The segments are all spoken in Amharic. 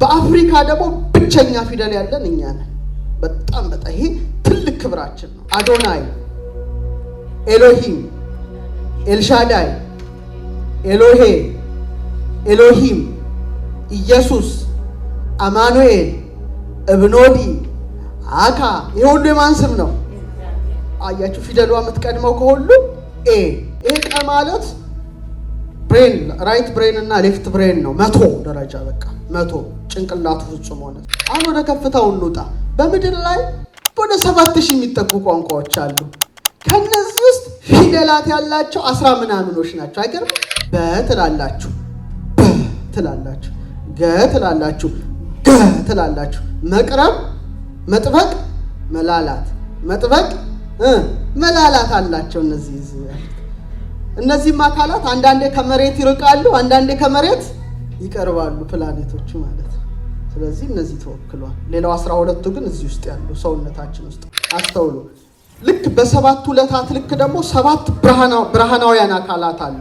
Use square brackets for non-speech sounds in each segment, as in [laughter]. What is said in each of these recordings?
በአፍሪካ ደግሞ ብቸኛ ፊደል ያለን እኛ ነን። በጣም በጣም ይሄ ትልቅ ክብራችን ነው። አዶናይ፣ ኤሎሂም፣ ኤልሻዳይ፣ ኤሎሄ፣ ኤሎሂም፣ ኢየሱስ፣ አማኑኤል፣ እብኖዲ፣ አካ ይሄ ሁሉ የማን ስም ነው? አያችሁ ፊደሏ የምትቀድመው ከሁሉ ኤ ይሄ ቀ ማለት ብሬን ራይት ብሬን እና ሌፍት ብሬን ነው መቶ ደረጃ በቃ መቶ ጭንቅላቱ ፍጹም ሆነ። አሁን ወደ ከፍታው እንውጣ። በምድር ላይ ወደ ሰባት ሺህ የሚጠጉ ቋንቋዎች አሉ። ከነዚህ ውስጥ ፊደላት ያላቸው አስራ ምናምኖች ናቸው። አይገርም? በትላላችሁ ትላላችሁ፣ ገ ትላላችሁ። መቅረብ፣ መጥበቅ፣ መላላት መጥበቅ፣ መላላት አላቸው እነዚህ እነዚህም አካላት አንዳንዴ ከመሬት ይርቃሉ፣ አንዳንዴ ከመሬት ይቀርባሉ፣ ፕላኔቶቹ ማለት ነው። ስለዚህ እነዚህ ተወክሏል። ሌላው አስራ ሁለቱ ግን እዚህ ውስጥ ያሉ ሰውነታችን ውስጥ አስተውሉ። ልክ በሰባቱ ዕለታት ልክ ደግሞ ሰባት ብርሃናውያን አካላት አሉ።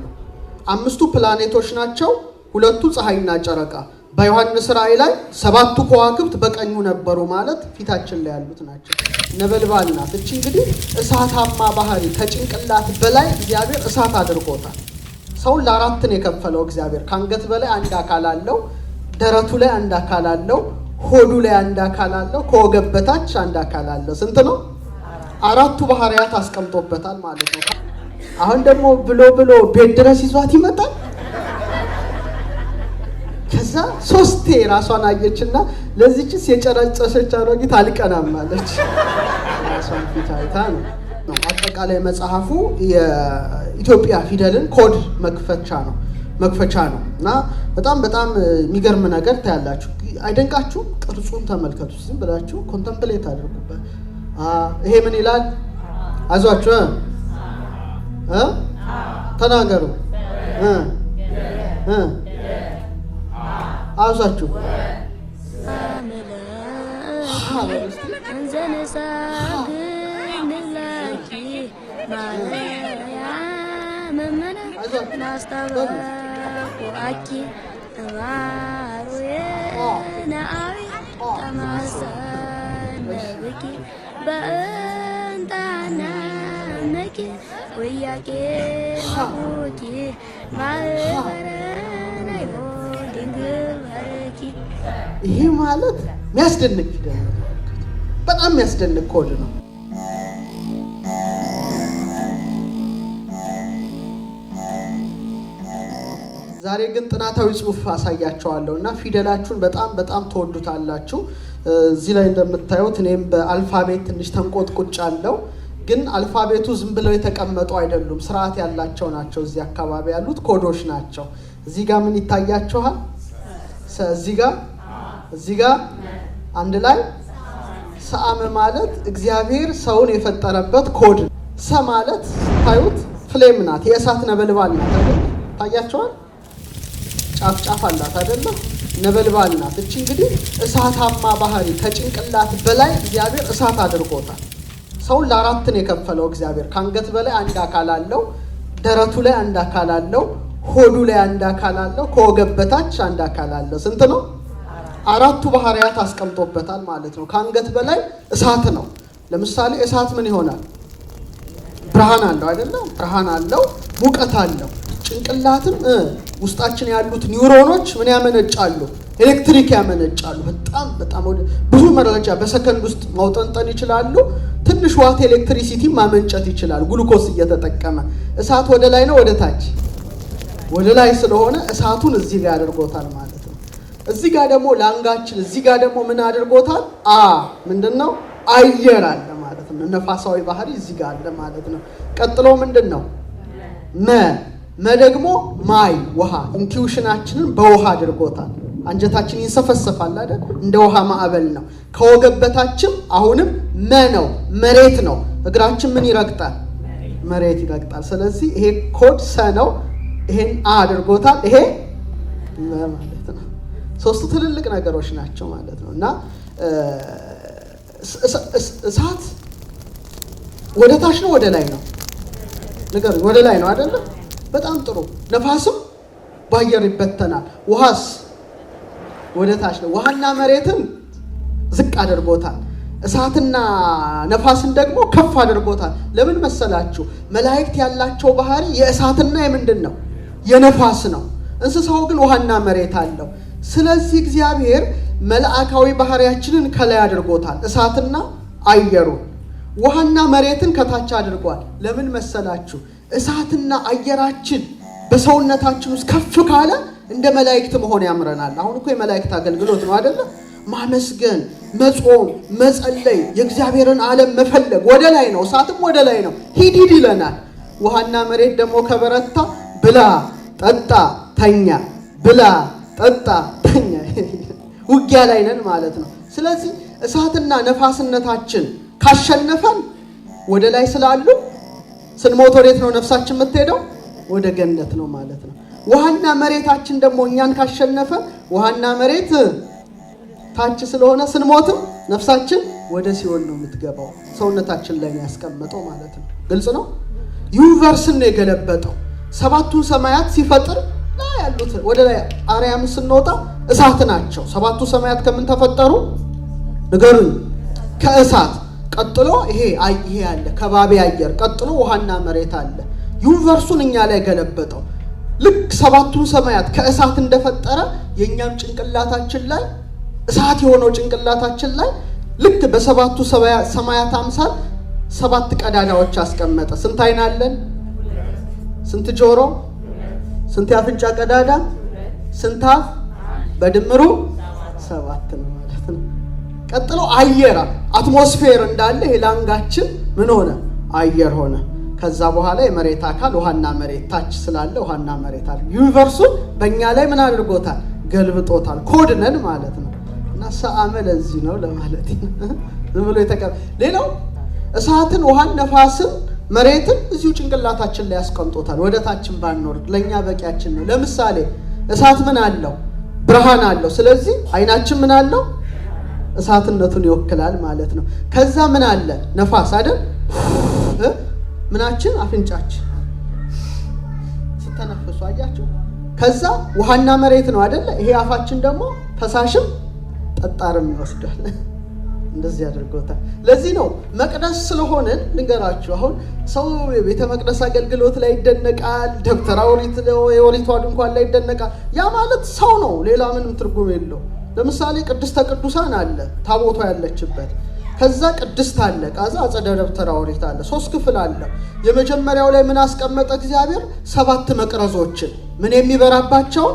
አምስቱ ፕላኔቶች ናቸው፣ ሁለቱ ፀሐይና ጨረቃ በዮሐንስ ራእይ ላይ ሰባቱ ከዋክብት በቀኙ ነበሩ ማለት ፊታችን ላይ ያሉት ናቸው። ነበልባል ናት እቺ። እንግዲህ እሳታማ ባህሪ ከጭንቅላት በላይ እግዚአብሔር እሳት አድርጎታል። ሰውን ለአራትን የከፈለው እግዚአብሔር። ከአንገት በላይ አንድ አካል አለው፣ ደረቱ ላይ አንድ አካል አለው፣ ሆዱ ላይ አንድ አካል አለው፣ ከወገብ በታች አንድ አካል አለው። ስንት ነው? አራቱ ባህሪያት አስቀምጦበታል ማለት ነው። አሁን ደግሞ ብሎ ብሎ ቤት ድረስ ይዟት ይመጣል። መልሳ ሶስቴ ራሷን አየችና ለዚችስ የጨረጨሰች አሮጊት አልቀናም አለች። ራሷን ፊት አይታ ነው። አጠቃላይ መጽሐፉ የኢትዮጵያ ፊደልን ኮድ መክፈቻ ነው መክፈቻ ነው እና በጣም በጣም የሚገርም ነገር ታያላችሁ። አይደንቃችሁ? ቅርጹን ተመልከቱ። ዝም ብላችሁ ኮንተምፕሌት አድርጉበት። ይሄ ምን ይላል? አዟችሁ ተናገሩ። አብሳችሁ በእንጣና ነቂ ወያቄ ማቡኪ ማበረ ይሄ ማለት የሚያስደንቅ ፊደል ነው። በጣም የሚያስደንቅ ኮድ ነው። ዛሬ ግን ጥናታዊ ጽሁፍ አሳያቸዋለሁ እና ፊደላችሁን በጣም በጣም ትወዱታላችሁ። እዚህ ላይ እንደምታዩት እኔም በአልፋቤት ትንሽ ተንቆጥቁጭ አለው ግን አልፋቤቱ ዝም ብለው የተቀመጡ አይደሉም፣ ስርዓት ያላቸው ናቸው። እዚህ አካባቢ ያሉት ኮዶች ናቸው። እዚህ ጋር ምን ይታያችኋል? እዚህ ጋር እዚህ ጋር አንድ ላይ ሰአም ማለት እግዚአብሔር ሰውን የፈጠረበት ኮድ ሰ ማለት ስታዩት ፍሌም ናት፣ የእሳት ነበልባል ናት። ታያቸዋል። ጫፍ ጫፍ አላት አይደለም? ነበልባል ናት። እቺ እንግዲህ እሳታማ ባህሪ ከጭንቅላት በላይ እግዚአብሔር እሳት አድርጎታል። ሰውን ለአራት ነው የከፈለው እግዚአብሔር። ከአንገት በላይ አንድ አካል አለው፣ ደረቱ ላይ አንድ አካል አለው፣ ሆዱ ላይ አንድ አካል አለው፣ ከወገብ በታች አንድ አካል አለው። ስንት ነው? አራቱ ባህሪያት አስቀምጦበታል ማለት ነው። ከአንገት በላይ እሳት ነው። ለምሳሌ እሳት ምን ይሆናል? ብርሃን አለው አይደለም? ብርሃን አለው፣ ሙቀት አለው። ጭንቅላትም ውስጣችን ያሉት ኒውሮኖች ምን ያመነጫሉ? ኤሌክትሪክ ያመነጫሉ። በጣም በጣም ብዙ መረጃ በሰከንድ ውስጥ ማውጠንጠን ይችላሉ። ትንሽ ዋት ኤሌክትሪሲቲ ማመንጨት ይችላል፣ ግሉኮስ እየተጠቀመ። እሳት ወደ ላይ ነው ወደ ታች? ወደ ላይ ስለሆነ እሳቱን እዚህ ጋር ያደርጎታል ማለት እዚህ ጋር ደግሞ ላንጋችን እዚህ ጋር ደግሞ ምን አድርጎታል? አ ምንድን ነው አየር አለ ማለት ነው። ነፋሳዊ ባህሪ እዚህ ጋር አለ ማለት ነው። ቀጥሎ ምንድን ነው መ መ ደግሞ ማይ ውሃ። ኢንቲዩሽናችንን በውሃ አድርጎታል። አንጀታችን ይንሰፈሰፋል አይደል? እንደ ውሃ ማዕበል ነው። ከወገበታችን አሁንም መ ነው መሬት ነው። እግራችን ምን ይረግጣል? መሬት ይረግጣል። ስለዚህ ይሄ ኮድ ሰ ነው። ይሄን አ አድርጎታል። ይሄ ሶስቱ ትልልቅ ነገሮች ናቸው ማለት ነው እና እሳት ወደ ታች ነው ወደ ላይ ነው ነገር ወደ ላይ ነው አይደለም በጣም ጥሩ ነፋስም በአየር ይበተናል ውሃስ ወደ ታች ነው ውሃና መሬትን ዝቅ አድርጎታል እሳትና ነፋስን ደግሞ ከፍ አድርጎታል ለምን መሰላችሁ መላእክት ያላቸው ባህሪ የእሳትና የምንድን ነው የነፋስ ነው እንስሳው ግን ውሃና መሬት አለው ስለዚህ እግዚአብሔር መልአካዊ ባህሪያችንን ከላይ አድርጎታል። እሳትና አየሩን ውሃና መሬትን ከታች አድርጓል። ለምን መሰላችሁ? እሳትና አየራችን በሰውነታችን ውስጥ ከፍ ካለ እንደ መላእክት መሆን ያምረናል። አሁን እኮ የመላእክት አገልግሎት ነው አደለ? ማመስገን፣ መጾም፣ መጸለይ፣ የእግዚአብሔርን ዓለም መፈለግ ወደ ላይ ነው። እሳትም ወደ ላይ ነው፣ ሂድ ሂድ ይለናል። ውሃና መሬት ደግሞ ከበረታ ብላ ጠጣ ተኛ፣ ብላ ጠጣ ውጊያ ላይ ነን ማለት ነው። ስለዚህ እሳትና ነፋስነታችን ካሸነፈን ወደ ላይ ስላሉ ስንሞት ወዴት ነው ነፍሳችን የምትሄደው? ወደ ገነት ነው ማለት ነው። ውሃና መሬታችን ደግሞ እኛን ካሸነፈ ውሃና መሬት ታች ስለሆነ ስንሞትም ነፍሳችን ወደ ሲኦል ነው የምትገባው። ሰውነታችን ላይ ያስቀመጠው ማለት ነው። ግልጽ ነው። ዩኒቨርስን ነው የገለበጠው። ሰባቱን ሰማያት ሲፈጥር ላይ ያሉት ወደ ላይ አርያም ስንወጣ እሳት ናቸው። ሰባቱ ሰማያት ከምን ተፈጠሩ ንገሩኝ? ከእሳት ቀጥሎ ይሄ ይሄ አለ፣ ከባቢ አየር ቀጥሎ ውሃና መሬት አለ። ዩኒቨርሱን እኛ ላይ ገለበጠው። ልክ ሰባቱን ሰማያት ከእሳት እንደፈጠረ የእኛም ጭንቅላታችን ላይ እሳት የሆነው ጭንቅላታችን ላይ ልክ በሰባቱ ሰማያት አምሳል ሰባት ቀዳዳዎች አስቀመጠ። ስንት አይን አለን? ስንት ጆሮ? ስንት የአፍንጫ ቀዳዳ? ስንት አፍ በድምሩ ሰባት ነው ማለት ነው። ቀጥሎ አየር አትሞስፌር እንዳለ የላንጋችን ምን ሆነ? አየር ሆነ። ከዛ በኋላ የመሬት አካል ውሃና መሬት ታች ስላለ ውሃና መሬት አለ። ዩኒቨርሱን በእኛ ላይ ምን አድርጎታል? ገልብጦታል። ኮድነን ማለት ነው። እና ሰአመ ለዚህ ነው ለማለት [laughs] ዝም ብሎ የተቀ ሌላው እሳትን፣ ውሃን፣ ነፋስን፣ መሬትን እዚሁ ጭንቅላታችን ላይ ያስቀምጦታል። ወደ ታችን ባንወርድ ለእኛ በቂያችን ነው። ለምሳሌ እሳት ምን አለው? ብርሃን አለው። ስለዚህ አይናችን ምን አለው? እሳትነቱን ይወክላል ማለት ነው። ከዛ ምን አለ? ነፋስ አይደል? ምናችን አፍንጫችን ስተነፍሱ አያችሁ። ከዛ ውሃና መሬት ነው አይደለ? ይሄ አፋችን ደግሞ ፈሳሽም ጠጣርም ይወስዳል። እንደዚህ አድርገውታል። ለዚህ ነው መቅደስ ስለሆነን ልንገራችሁ። አሁን ሰው የቤተ መቅደስ አገልግሎት ላይ ይደነቃል፣ ደብተራ የኦሪቷ ድንኳን ላይ ይደነቃል። ያ ማለት ሰው ነው፣ ሌላ ምንም ትርጉም የለው። ለምሳሌ ቅድስተ ቅዱሳን አለ፣ ታቦቷ ያለችበት ከዛ ቅድስት አለ፣ ቃዛ አጸደ ደብተራ ኦሪት አለ። ሶስት ክፍል አለ። የመጀመሪያው ላይ ምን አስቀመጠ እግዚአብሔር? ሰባት መቅረዞችን ምን የሚበራባቸው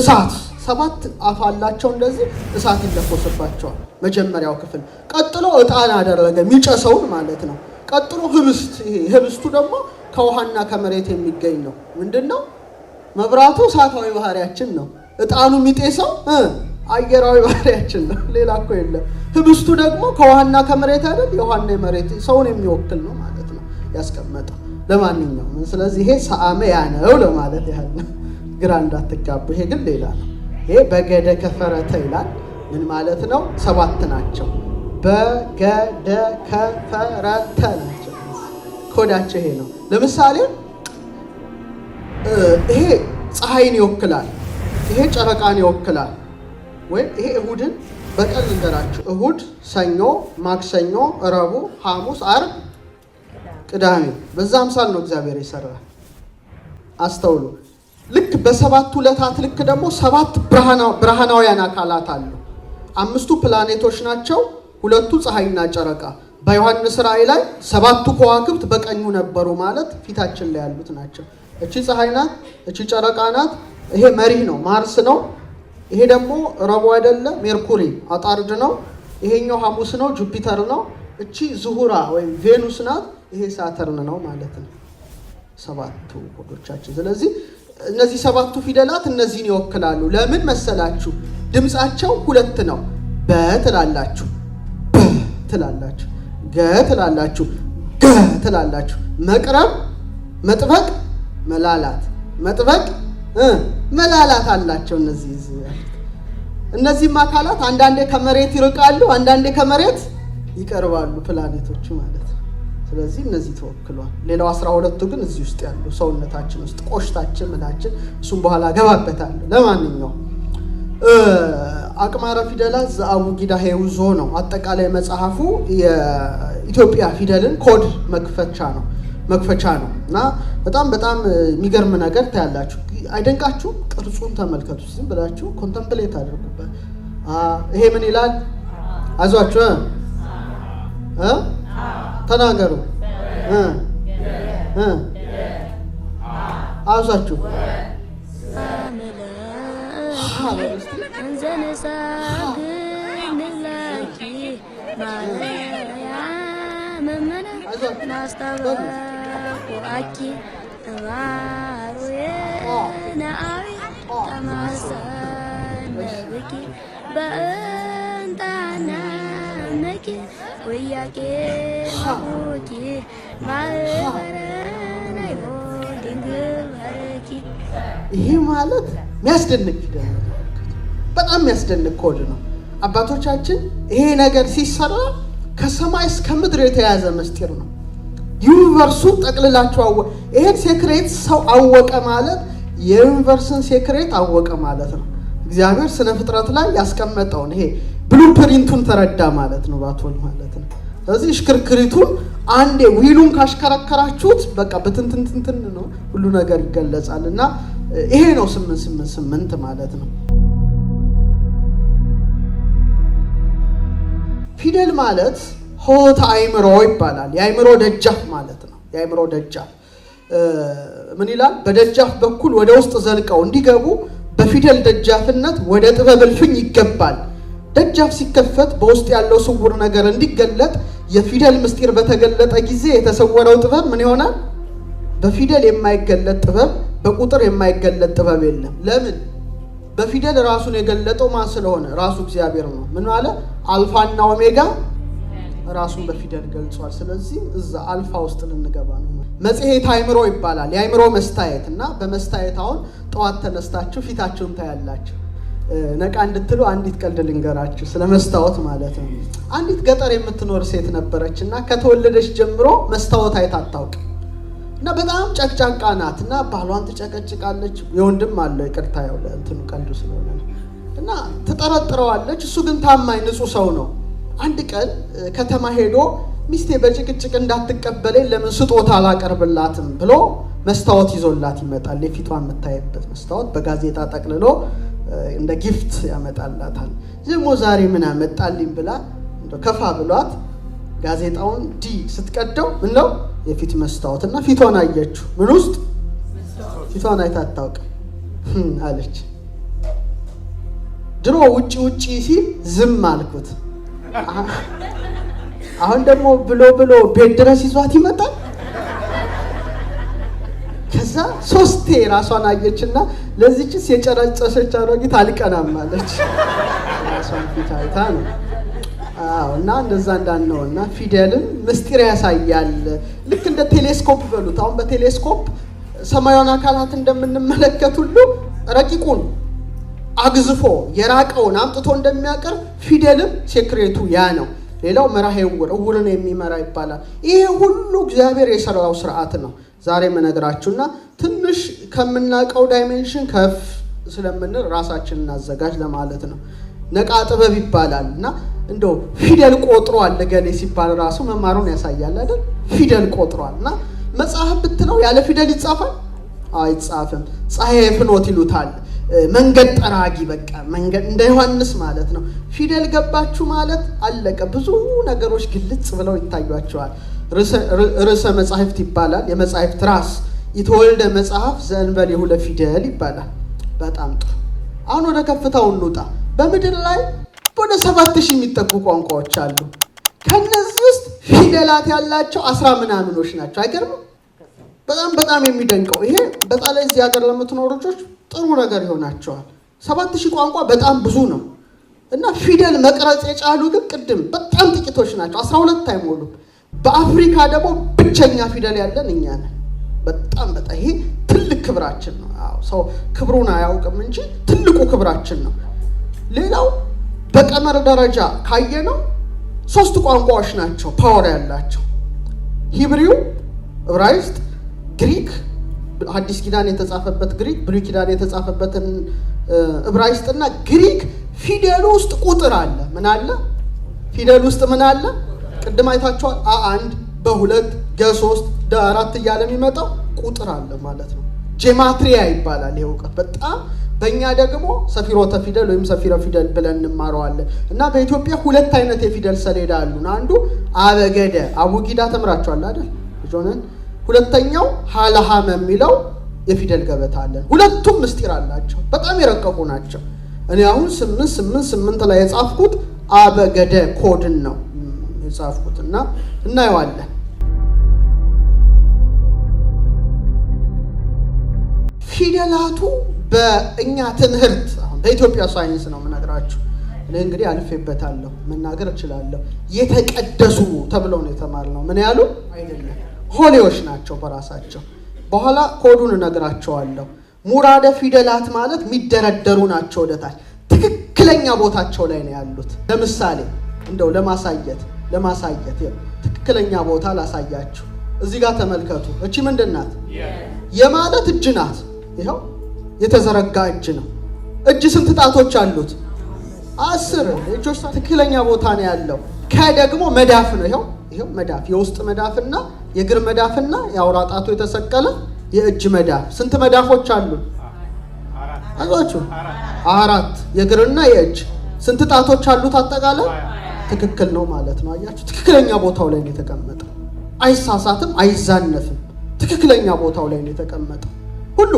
እሳት ሰባት አፍ አላቸው። እንደዚህ እሳት ይለኮስባቸዋል። መጀመሪያው ክፍል። ቀጥሎ እጣን አደረገ የሚጨሰውን ማለት ነው። ቀጥሎ ህብስት። ይሄ ህብስቱ ደግሞ ከውሃና ከመሬት የሚገኝ ነው። ምንድን ነው? መብራቱ እሳታዊ ባህሪያችን ነው። እጣኑ የሚጤሰው አየራዊ ባህሪያችን ነው። [laughs] ሌላ እኮ የለም። ህብስቱ ደግሞ ከውሃና ከመሬት አይደል? የውሃና የመሬት ሰውን የሚወክል ነው ማለት ነው ያስቀመጠ። ለማንኛውም ስለዚህ ይሄ ሰአመ ያነው ለማለት ያህል ግራ እንዳትጋቡ። ይሄ ግን ሌላ ነው። ይሄ በገደ ከፈረተ ይላል። ምን ማለት ነው? ሰባት ናቸው። በገደከፈረተ ናቸው። ኮዳቸው ይሄ ነው። ለምሳሌ ይሄ ፀሐይን ይወክላል፣ ይሄ ጨረቃን ይወክላል። ወይም ይሄ እሁድን በቀን ልንገራችሁ። እሁድ፣ ሰኞ፣ ማክሰኞ፣ ረቡዕ፣ ሐሙስ፣ አር ቅዳሜ በዛ አምሳል ነው እግዚአብሔር የሰራ። አስተውሉ። ልክ በሰባት ዕለታት ልክ ደግሞ ሰባት ብርሃናውያን አካላት አሉ። አምስቱ ፕላኔቶች ናቸው፣ ሁለቱ ፀሐይና ጨረቃ። በዮሐንስ ራእይ ላይ ሰባቱ ከዋክብት በቀኙ ነበሩ ማለት ፊታችን ላይ ያሉት ናቸው። እቺ ፀሐይ ናት፣ እቺ ጨረቃ ናት። ይሄ መሪህ ነው፣ ማርስ ነው። ይሄ ደግሞ ረቡ አይደለ፣ ሜርኩሪ አጣርድ ነው። ይሄኛው ሐሙስ ነው፣ ጁፒተር ነው። እቺ ዝሁራ ወይም ቬኑስ ናት። ይሄ ሳተርን ነው ማለት ነው። ሰባቱ ሆዶቻችን። ስለዚህ እነዚህ ሰባቱ ፊደላት እነዚህን ይወክላሉ። ለምን መሰላችሁ? ድምፃቸው ሁለት ነው። በ ትላላችሁ፣ በ ትላላችሁ፣ ገ ትላላችሁ፣ ገ ትላላችሁ። መቅረብ፣ መጥበቅ፣ መላላት፣ መጥበቅ፣ መላላት አላቸው እነዚህ እነዚህም አካላት አንዳንዴ ከመሬት ይርቃሉ፣ አንዳንዴ ከመሬት ይቀርባሉ። ፕላኔቶቹ ማለት ነው። ስለዚህ እነዚህ ተወክሏል። ሌላው አስራ ሁለቱ ግን እዚህ ውስጥ ያሉ ሰውነታችን ውስጥ ቆሽታችን፣ ምናችን እሱም በኋላ ገባበታለሁ። ለማንኛውም አቅማረ ፊደላት ዘአቡጊዳ ሄውዞ ነው። አጠቃላይ መጽሐፉ የኢትዮጵያ ፊደልን ኮድ መክፈቻ ነው መክፈቻ ነው እና በጣም በጣም የሚገርም ነገር ታያላችሁ። አይደንቃችሁ? ቅርጹን ተመልከቱ። ዝም ብላችሁ ኮንተምፕሌት አድርጉበት። ይሄ ምን ይላል? አዟችሁ ተናገሩ። አዟችሁ ወያቄ ይህ ማለት የሚያስደንቅ ፊደል በጣም የሚያስደንቅ ኮድ ነው። አባቶቻችን ይሄ ነገር ሲሰራ ከሰማይ እስከ ምድር የተያዘ ምስጢር ነው። ዩኒቨርሱ ጠቅልላቸው አወ ይሄን ሴክሬት ሰው አወቀ ማለት የዩኒቨርስን ሴክሬት አወቀ ማለት ነው። እግዚአብሔር ስነ ፍጥረት ላይ ያስቀመጠውን ይሄ ብሉፕሪንቱን ተረዳ ማለት ነው። ባቶን ማለት ነው። ስለዚህ እሽክርክሪቱን አንዴ ዊሉን ካሽከረከራችሁት በቃ በትንትንትንትን ነው ሁሉ ነገር ይገለጻል። እና ይሄ ነው ስምንት ስምንት ስምንት ማለት ነው። ፊደል ማለት ሆት አእምሮ ይባላል። የአይምሮ ደጃፍ ማለት ነው። የአይምሮ ደጃፍ ምን ይላል? በደጃፍ በኩል ወደ ውስጥ ዘልቀው እንዲገቡ በፊደል ደጃፍነት ወደ ጥበብ እልፍኝ ይገባል። ደጃፍ ሲከፈት በውስጥ ያለው ስውር ነገር እንዲገለጥ የፊደል ምስጢር በተገለጠ ጊዜ የተሰወረው ጥበብ ምን ይሆናል? በፊደል የማይገለጥ ጥበብ፣ በቁጥር የማይገለጥ ጥበብ የለም። ለምን? በፊደል ራሱን የገለጠው ማን ስለሆነ? ራሱ እግዚአብሔር ነው። ምን ማለት አልፋና ኦሜጋ ራሱን በፊደል ገልጿል። ስለዚህ እዛ አልፋ ውስጥ ልንገባ ነው። መጽሔት አእምሮ ይባላል። የአይምሮ መስታየት እና በመስታየት አሁን ጠዋት ተነስታችሁ ፊታችሁን ታያላችሁ። ነቃ እንድትሉ አንዲት ቀልድ ልንገራችሁ፣ ስለ መስታወት ማለት ነው። አንዲት ገጠር የምትኖር ሴት ነበረች እና ከተወለደች ጀምሮ መስታወት አይት አታውቅ እና በጣም ጨቅጫቃ ናት እና ባሏን ትጨቀጭቃለች። የወንድም አለ ይቅርታ፣ ያው ለእንትኑ ቀልዱ ስለሆነ እና ትጠረጥረዋለች። እሱ ግን ታማኝ ንጹህ ሰው ነው። አንድ ቀን ከተማ ሄዶ ሚስቴ በጭቅጭቅ እንዳትቀበለኝ ለምን ስጦታ አላቀርብላትም ብሎ መስታወት ይዞላት ይመጣል። የፊቷን የምታይበት መስታወት በጋዜጣ ጠቅልሎ እንደ ጊፍት ያመጣላታል። ደግሞ ዛሬ ምን አመጣልኝ ብላ ከፋ ብሏት ጋዜጣውን ዲ ስትቀደው ነው የፊት መስታወት እና ፊቷን አየችው። ምን ውስጥ ፊቷን አይታ አታውቅም [laughs] አለች። ድሮ ውጪ ውጪ ሲል ዝም አልኩት። አሁን ደግሞ ብሎ ብሎ ቤት ድረስ ይዟት ይመጣል። ከዛ ሶስቴ ራሷን አየችና ለዚችስ የጨረጨሰች አሮጊት አልቀናማለች። ራሷን ፊት አይታ ነው። አዎ። እና እንደዛ እንዳንነው እና ፊደልን ምስጢር ያሳያል። ልክ እንደ ቴሌስኮፕ በሉት። አሁን በቴሌስኮፕ ሰማያዊን አካላት እንደምንመለከት ሁሉ ረቂቁን አግዝፎ የራቀውን አምጥቶ እንደሚያቀርብ ፊደልም ሴክሬቱ ያ ነው። ሌላው መራህ ዕውር እውርን የሚመራ ይባላል። ይሄ ሁሉ እግዚአብሔር የሰራው ስርዓት ነው። ዛሬ መነግራችሁና ትንሽ ከምናውቀው ዳይሜንሽን ከፍ ስለምንል ራሳችን እናዘጋጅ ለማለት ነው። ነቃ ጥበብ ይባላል እና እንደው ፊደል ቆጥሯል ለገሌ ሲባል ራሱ መማሩን ያሳያል አይደል? ፊደል ቆጥሯል እና መጽሐፍ ብትለው ያለ ፊደል ይጻፋል አይጻፍም። ፀሐይ ፍኖት ይሉታል መንገድ ጠራጊ በቃ መንገድ እንደ ዮሐንስ ማለት ነው። ፊደል ገባችሁ ማለት አለቀ። ብዙ ነገሮች ግልጽ ብለው ይታያቸዋል። ርዕሰ መጽሐፍት ይባላል። የመጽሐፍት ራስ የተወልደ መጽሐፍ የሁለ ፊደል ይባላል። በጣም ጥሩ። አሁን ወደ ከፍታው እንውጣ። በምድር ላይ ወደ ሰባት ሺህ የሚጠጉ ቋንቋዎች አሉ። ከነዚህ ውስጥ ፊደላት ያላቸው አስራ ምናምኖች ናቸው። አይገርምም? በጣም በጣም የሚደንቀው ይሄ በጣም እዚህ ሀገር ለምትኖሩ ልጆች ጥሩ ነገር ይሆናቸዋል። ሰባት ሺህ ቋንቋ በጣም ብዙ ነው እና ፊደል መቅረጽ የቻሉ ግን ቅድም በጣም ጥቂቶች ናቸው፣ አስራ ሁለት አይሞሉም። በአፍሪካ ደግሞ ብቸኛ ፊደል ያለን እኛ ነን። በጣም በጣም ይሄ ትልቅ ክብራችን ነው። ሰው ክብሩን አያውቅም እንጂ ትልቁ ክብራችን ነው። ሌላው በቀመር ደረጃ ካየነው ሶስት ቋንቋዎች ናቸው ፓወር ያላቸው ሂብሪው፣ ዕብራይስጥ፣ ግሪክ አዲስ ኪዳን የተጻፈበት ግሪክ፣ ብሉይ ኪዳን የተጻፈበትን ዕብራይስጥና ግሪክ ፊደል ውስጥ ቁጥር አለ። ምን አለ? ፊደል ውስጥ ምን አለ? ቅድም አይታችኋል። አንድ በሁለት ደ አራት እያለ የሚመጣው ቁጥር አለ ማለት ነው። ጄማትሪያ ይባላል ይህ እውቀት በጣም በእኛ ደግሞ ሰፊሮተ ፊደል ወይም ሰፊረ ፊደል ብለን እንማረዋለን። እና በኢትዮጵያ ሁለት አይነት የፊደል ሰሌዳ አሉን። አንዱ አበገደ አቡጊዳ ተምራቸዋል አይደል? ልጆነን ሁለተኛው ሀለሃመ የሚለው የፊደል ገበታ አለን። ሁለቱም ምስጢር አላቸው፣ በጣም የረቀቁ ናቸው። እኔ አሁን ስምንት ስምንት ስምንት ላይ የጻፍኩት አበገደ ኮድን ነው የጻፍኩት እና እናየዋለን። ፊደላቱ በእኛ ትምህርት በኢትዮጵያ ሳይንስ ነው የምነግራችሁ። እኔ እንግዲህ አልፌበታለሁ መናገር እችላለሁ። የተቀደሱ ተብለው ነው የተማርነው። ምን ያሉ አይደለም ሆሌዎች ናቸው በራሳቸው። በኋላ ኮዱን እነግራቸዋለሁ። ሙራደ ፊደላት ማለት የሚደረደሩ ናቸው ወደታች ትክክለኛ ቦታቸው ላይ ነው ያሉት። ለምሳሌ እንደው ለማሳየት ለማሳየት ትክክለኛ ቦታ ላሳያችሁ። እዚህ ጋር ተመልከቱ። እቺ ምንድን ናት? የማለት እጅ ናት። ይኸው የተዘረጋ እጅ ነው። እጅ ስንት ጣቶች አሉት? አስር። እጆች ትክክለኛ ቦታ ነው ያለው። ከ ደግሞ መዳፍ ነው። ይኸው ይሄው መዳፍ የውስጥ መዳፍና የእግር መዳፍና የአውራ ጣቱ የተሰቀለ የእጅ መዳፍ ስንት መዳፎች አሉ? አዟችሁ አራት የእግርና የእጅ ስንት ጣቶች አሉት? አጠቃለ ትክክል ነው ማለት ነው። አያችሁ ትክክለኛ ቦታው ላይ ነው የተቀመጠው። አይሳሳትም፣ አይዛነፍም። ትክክለኛ ቦታው ላይ ነው የተቀመጠው። ሁሉ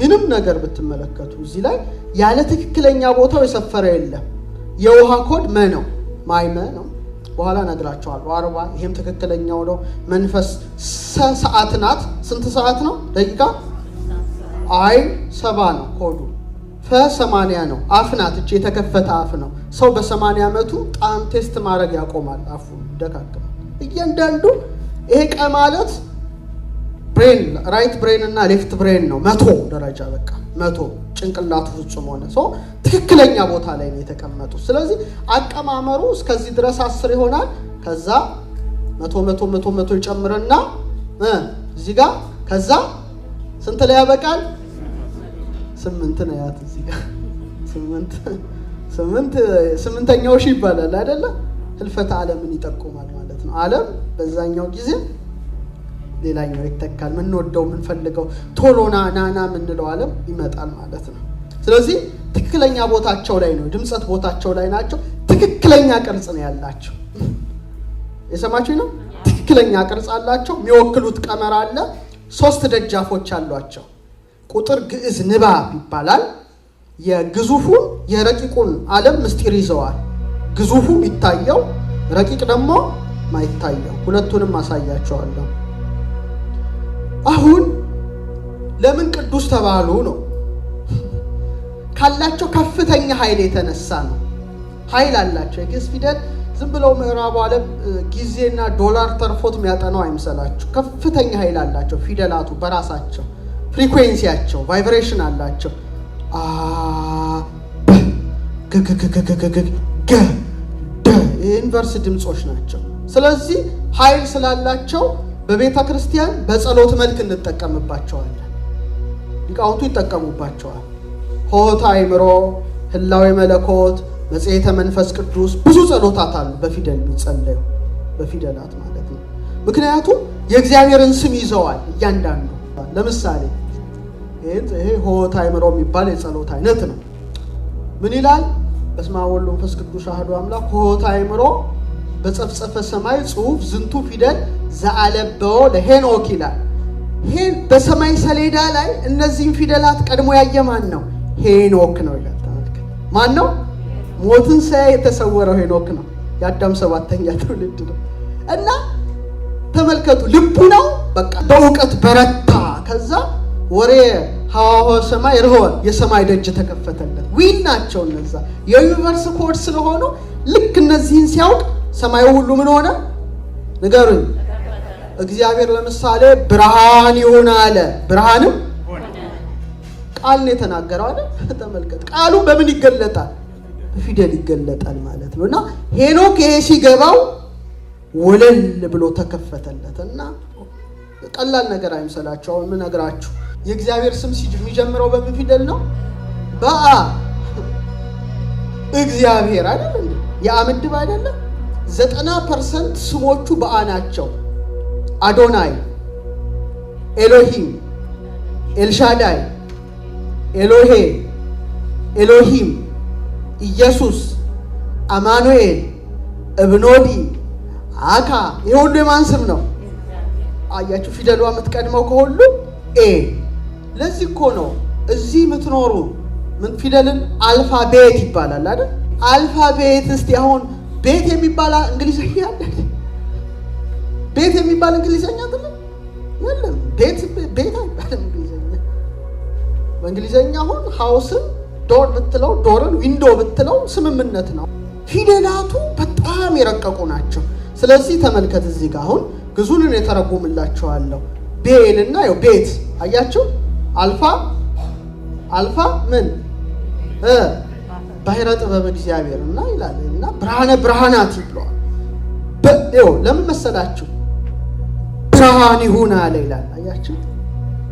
ምንም ነገር ብትመለከቱ እዚህ ላይ ያለ ትክክለኛ ቦታው የሰፈረ የለም። የውሃ ኮድ መ ነው ማይ መ ነው በኋላ እነግራቸዋለሁ። አርባ ይሄም ትክክለኛው ነው። መንፈስ ሰዓት ናት። ስንት ሰዓት ነው? ደቂቃ አይ ሰባ ነው ኮዱ ከሰማንያ ነው። አፍ ናት እች የተከፈተ አፍ ነው። ሰው በሰማንያ ዓመቱ ጣም ቴስት ማድረግ ያቆማል። አፉ ደካክ እያንዳንዱ ይሄ ቀ ማለት ብሬን ራይት ብሬን እና ሌፍት ብሬን ነው መቶ ደረጃ በቃ መቶ ጭንቅላቱ ፍጹም ሆነ ሰው ትክክለኛ ቦታ ላይ ነው የተቀመጡት። ስለዚህ አቀማመሩ እስከዚህ ድረስ አስር ይሆናል። ከዛ መቶ መቶ መቶ መቶ ይጨምርና እዚህ ጋር ከዛ ስንት ላይ ያበቃል? ስምንት ነው ያት እዚህ ጋር [laughs] ስምንት [laughs] ስምንት ስምንተኛው ሺ ይባላል አይደለ? ህልፈተ ዓለምን ይጠቁማል ማለት ነው። ዓለም በዛኛው ጊዜ ሌላኛው ይተካል። የምንወደው የምንፈልገው ቶሎ ና ናና የምንለው አለም ይመጣል ማለት ነው። ስለዚህ ትክክለኛ ቦታቸው ላይ ነው፣ ድምፀት ቦታቸው ላይ ናቸው። ትክክለኛ ቅርጽ ነው ያላቸው። የሰማችሁ ነው። ትክክለኛ ቅርጽ አላቸው። የሚወክሉት ቀመር አለ። ሶስት ደጃፎች አሏቸው። ቁጥር ግዕዝ ንባብ ይባላል። የግዙፉን የረቂቁን ዓለም ምስጢር ይዘዋል። ግዙፉ ይታየው ረቂቅ ደግሞ ማይታየው። ሁለቱንም አሳያቸዋለሁ። አሁን ለምን ቅዱስ ተባሉ ነው? ካላቸው ከፍተኛ ኃይል የተነሳ ነው። ኃይል አላቸው። የግዕዝ ፊደል ዝም ብለው ምዕራቡ ዓለም ጊዜና ዶላር ተርፎት የሚያጠነው አይምሰላችሁ። ከፍተኛ ኃይል አላቸው ፊደላቱ በራሳቸው ፍሪኩዌንሲያቸው ቫይብሬሽን አላቸው። ገ ኢንቨርስ ድምፆች ናቸው። ስለዚህ ኃይል ስላላቸው በቤተ ክርስቲያን በጸሎት መልክ እንጠቀምባቸዋለን። ሊቃውንቱ ይጠቀሙባቸዋል። ሆታ አይምሮ፣ ህላዊ መለኮት፣ መጽሔተ መንፈስ ቅዱስ ብዙ ጸሎታት አሉ። በፊደል የሚጸለዩ በፊደላት ማለት ነው። ምክንያቱም የእግዚአብሔርን ስም ይዘዋል እያንዳንዱ። ለምሳሌ ይሄ ሆታ አይምሮ የሚባል የጸሎት አይነት ነው። ምን ይላል? በስመ አብ ወወልድ ወመንፈስ ቅዱስ አሐዱ አምላክ ሆታ አይምሮ በጸፍጸፈ ሰማይ ጽሑፍ ዝንቱ ፊደል ዘአለበው ለሄኖክ ይላል። ሄን በሰማይ ሰሌዳ ላይ እነዚህን ፊደላት ቀድሞ ያየ ማን ነው? ሄኖክ ነው ይላል። ተመልከት፣ ማን ነው? ሞትን ሳያይ የተሰወረው ሄኖክ ነው። የአዳም ሰባተኛ ትውልድ ነው እና ተመልከቱ፣ ልቡ ነው በቃ በእውቀት በረታ። ከዛ ወሬ ሀዋሆ ሰማይ ርሆን የሰማይ ደጅ ተከፈተለት። ዊን ናቸው እነዛ የዩኒቨርስ ኮድ ስለሆኑ ልክ እነዚህን ሲያውቅ ሰማዩ ሁሉ ምን ሆነ? ንገሩኝ። እግዚአብሔር ለምሳሌ ብርሃን ይሁን አለ፣ ብርሃንም ቃል ነው የተናገረው አይደል? ተመልከት፣ ቃሉ በምን ይገለጣል? ፊደል ይገለጣል ማለት ነው። እና ሄኖክ ይሄ ሲገባው ወለል ብሎ ተከፈተለት እና ቀላል ነገር አይምሰላችሁ። አሁን ምነግራችሁ የእግዚአብሔር ስም የሚጀምረው በምን ፊደል ነው? በአ እግዚአብሔር አይደል? የአምድብ አይደለም ዘጠና ፐርሰንት ስሞቹ በአ ናቸው። አዶናይ፣ ኤሎሂም፣ ኤልሻዳይ፣ ኤሎሄ፣ ኤሎሂም፣ ኢየሱስ፣ አማኑኤል፣ እብኖዲ፣ አካ ይህ ሁሉ የማን ስም ነው? አያችሁ ፊደሏ የምትቀድመው ከሁሉ ኤ። ለዚህ እኮ ነው እዚህ የምትኖሩ ፊደልን አልፋቤት ይባላል አይደል? አልፋቤት እስቲ አሁን ቤት የሚባል እንግሊዝኛ አለ? ቤት የሚባል እንግሊዘኛ አለ? የለም። ቤት ቤት አይባልም እንግሊዝኛ። በእንግሊዝኛ አሁን ሀውስን ዶር ብትለው፣ ዶርን ዊንዶ ብትለው ስምምነት ነው። ፊደላቱ በጣም የረቀቁ ናቸው። ስለዚህ ተመልከት እዚህ ጋር አሁን ግዙንን የተረጉምላቸዋለሁ ቤል እና ው ቤት አያችሁ አልፋ አልፋ ምን ባህረ ጥበብ እግዚአብሔር እና ይላል እና ብርሃነ ብርሃናት ይብለዋል። በው ለምን መሰላችሁ? ብርሃን ይሁን አለ ይላል። አያችሁ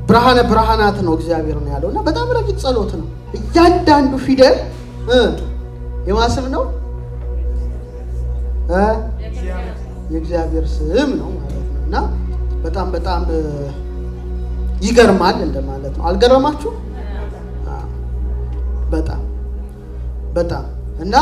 ብርሃነ ብርሃናት ነው እግዚአብሔር ነው ያለው እና በጣም ረቂቅ ጸሎት ነው። እያንዳንዱ ፊደል የማስም ነው የእግዚአብሔር ስም ነው ማለት ነው እና በጣም በጣም ይገርማል እንደማለት ነው። አልገረማችሁ? በጣም በጣም እና